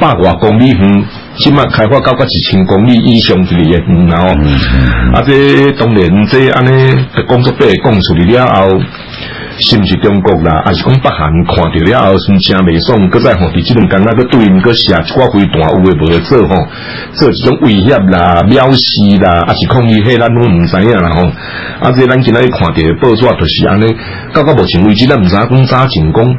百外公里遠，起碼開發到一千公里以上之里嘅遠，然哦、嗯，嗯、啊，即當然即安尼個工作都會講出去了後，是毋是中國啦，還是講北韓看着了後，心情未爽，擱再吼，即、哦、兩間那個對唔擱寫一寡非有武嘅文吼，做一種威脅啦、藐視啦，還是抗議，咱都唔知影啦吼，啊，即咱今仔日看到的報紙就是安尼，剛目前為止咱毋知影講啥情況。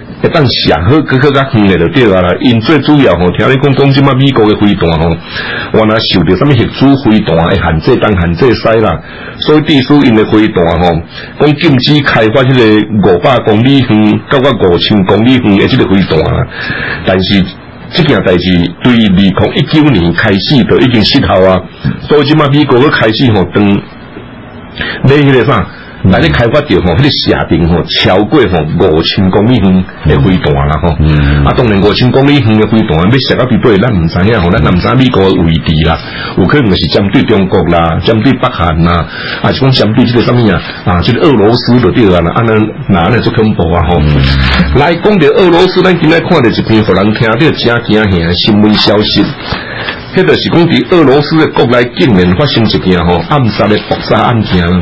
但是啊，好，哥哥在遠的就對啊。因最主要吼、喔，聽你講講即馬美國嘅飛彈吼，我那受得什麼核子飛彈啊、含這彈、含這塞啦。所以必須因嘅飛彈吼，講禁止開發迄個五百公里遠、到我五千公里遠嘅即個飛彈。但是即件代志對二零一九年開始就已經失效啊。到即馬美國嘅開始吼、喔，等，買迄個啥？但咧、嗯、開發着吼迄個射程吼超過吼、哦、五千公里遠誒飛段啦嗯，啊，當然五千公里遠誒飛段，你射到邊度、哦，咱毋知影吼咱你唔知美國誒位置啦。有可能是針對中國啦，針對北韓啦，啊，即講針對即個什物啊？啊，即、這個俄羅斯嗰啲啊，尼那那做恐怖啊、哦！吼、嗯。來講着俄羅斯，咱今日看着一篇互人聽嘅驚驚嚇新聞消息，迄著是講佇俄羅斯誒國內竟然發生一件吼暗殺誒謀殺案件。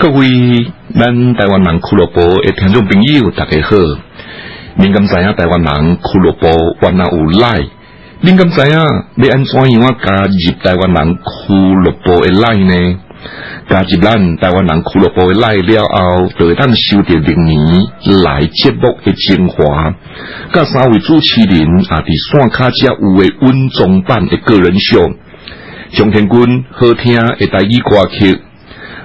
各位，咱台灣人俱樂部的聽眾朋友，大家好！您敢知影台灣人俱樂部原來有來？您敢知影你按怎樣加入台灣人俱樂部的來呢？加入咱台灣人俱樂部的來了後，就會當收到歷年來節目嘅精華，甲三位主持人啊，佇刷卡只有嘅穩中辦的個人秀，張天軍好聽嘅台語歌曲。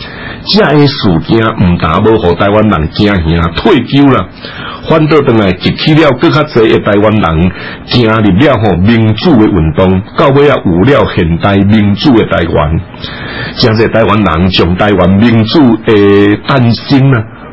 這些事件唔但無互，台灣人驚啊！退休了反倒登來集起了更加儕嘅台灣人加入了吼民主嘅運動，到尾啊有了現代民主嘅台灣，將使台灣人從台灣民主嘅誕生。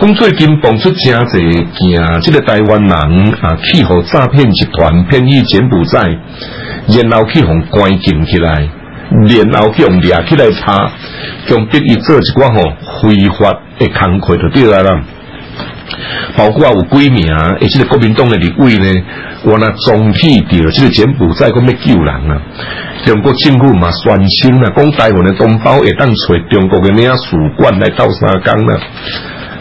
咁最近蹦出真儕件，即個台灣人啊，氣候詐騙集團騙易柬埔寨，然後去互關禁起來，然後去用掠起來查，將逼伊做一寡吼非法的工作。的對啦啦，包括啊有幾名啊，即個國民黨的立委呢，我那中氣掉，即個柬埔寨個要救人啊，中國政府嘛算心啊，講台灣哋東包，一旦隨中國嘅咩啊使館來鬥啥講啊。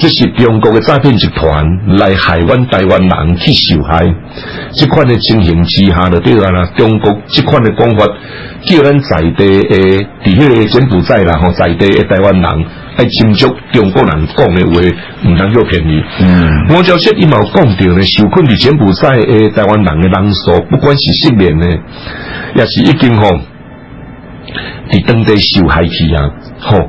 這是中國的詐騙集團嚟台灣，台灣人去受害，即款的情形之下，就對啦，中國即款的講法，叫咱在地誒，啲去柬埔寨啦，和在地嘅台灣人喺接觸中國人講的話唔當叫便宜。嗯，嗯，我就說啲冇講到呢，受困喺柬埔寨誒，台灣人的人數，不管是失眠咧，也是一千方，喺當地受害去啊。嗬。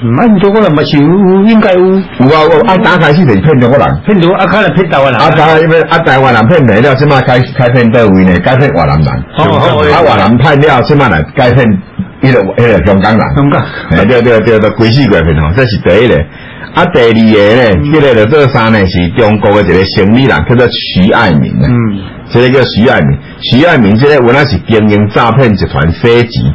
唔，阿中國人冇有，應該有，有，啊。有啊，我阿打開始是騙中國人，騙到阿開來騙台灣人。阿打要阿台灣人騙來了，即嘛開開騙到位呢？改騙越南人啦，香港阿華人騙了，即嘛來改騙迄個迄個香港人。香港、嗯，哎，對對對，都鬼死鬼騙哦，這是第一嘞。啊，第二嘢呢，即、嗯、個就做三呢，是中國嘅一個生意人，叫做徐愛民嗯。即個叫徐愛民，徐愛民即個原來是經營詐騙集團設計。